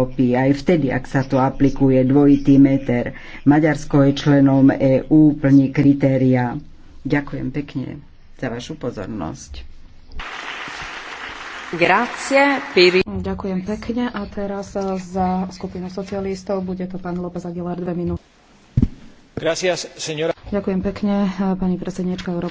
dokopy aj vtedy, ak sa to aplikuje dvojitý meter. Maďarsko je členom EÚ, plní kritéria. Ďakujem pekne za vašu pozornosť. Grazie. Piri. Ďakujem pekne a teraz za skupinu socialistov bude to pán López Aguilar dve minúty. Gracias, señora. Ďakujem pekne, pani predsedníčka Európskej